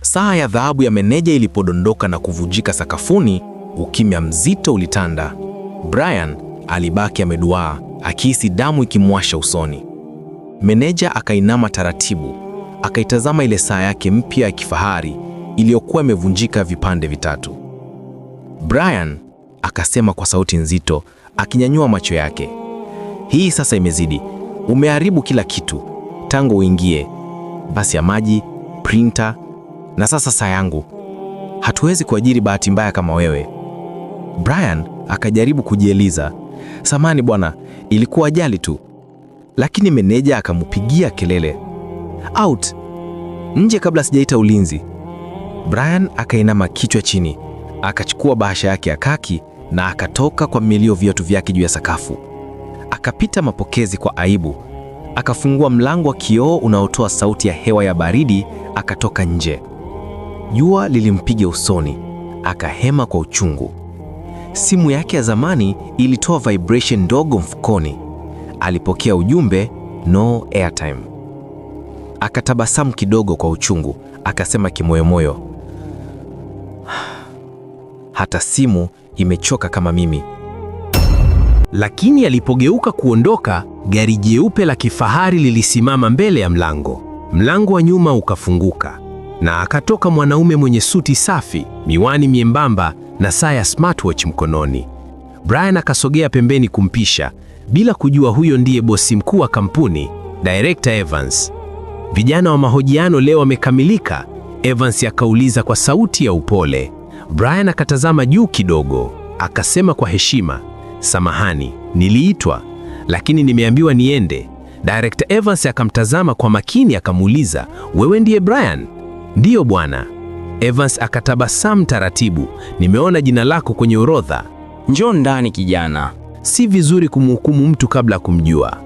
Saa ya dhahabu ya meneja ilipodondoka na kuvujika sakafuni, ukimya mzito ulitanda. Brian alibaki ameduaa, akihisi damu ikimwasha usoni. Meneja akainama taratibu, akaitazama ile saa yake mpya ya kifahari iliyokuwa imevunjika vipande vitatu. Brian akasema kwa sauti nzito, akinyanyua macho yake, hii sasa imezidi, umeharibu kila kitu tangu uingie. Basi ya maji, printer na sasa saa yangu, hatuwezi kuajiri bahati mbaya kama wewe. Brian akajaribu kujieleza, samani bwana, ilikuwa ajali tu. Lakini meneja akamupigia kelele, out, nje kabla sijaita ulinzi. Brian akainama kichwa chini, akachukua bahasha yake ya kaki na akatoka kwa milio viatu vyake juu ya sakafu. Akapita mapokezi kwa aibu, akafungua mlango wa kioo unaotoa sauti ya hewa ya baridi, akatoka nje. Jua lilimpiga usoni, akahema kwa uchungu. Simu yake ya zamani ilitoa vibration ndogo mfukoni. Alipokea ujumbe no airtime. Akatabasamu kidogo kwa uchungu, akasema kimoyomoyo, hata simu imechoka kama mimi. Lakini alipogeuka kuondoka, gari jeupe la kifahari lilisimama mbele ya mlango. Mlango wa nyuma ukafunguka na akatoka mwanaume mwenye suti safi, miwani miembamba na saa ya smartwatch mkononi. Brian akasogea pembeni kumpisha, bila kujua huyo ndiye bosi mkuu wa kampuni, Director Evans. Vijana wa mahojiano leo wamekamilika, Evans akauliza kwa sauti ya upole. Brian akatazama juu kidogo, akasema kwa heshima, samahani, niliitwa lakini nimeambiwa niende. Director Evans akamtazama kwa makini, akamuuliza, wewe ndiye Brian? Ndiyo bwana. Evans akatabasamu taratibu. Nimeona jina lako kwenye orodha. Njoo ndani kijana. Si vizuri kumhukumu mtu kabla ya kumjua.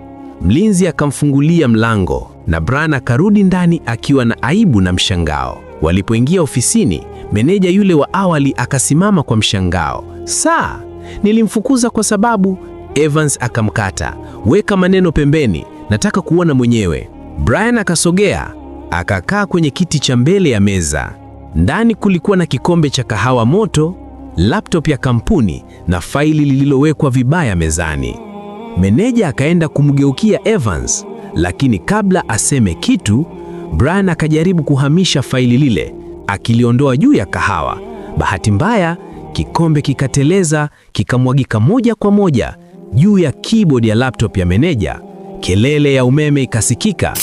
Mlinzi akamfungulia mlango na Bran akarudi ndani akiwa na aibu na mshangao. Walipoingia ofisini, meneja yule wa awali akasimama kwa mshangao. Saa, nilimfukuza kwa sababu... Evans akamkata. Weka maneno pembeni, nataka kuona mwenyewe. Brian akasogea Akakaa kwenye kiti cha mbele ya meza. Ndani kulikuwa na kikombe cha kahawa moto, laptop ya kampuni na faili lililowekwa vibaya mezani. Meneja akaenda kumgeukia Evans, lakini kabla aseme kitu, Brian akajaribu kuhamisha faili lile, akiliondoa juu ya kahawa. Bahati mbaya, kikombe kikateleza, kikamwagika moja kwa moja juu ya keyboard ya laptop ya meneja. Kelele ya umeme ikasikika.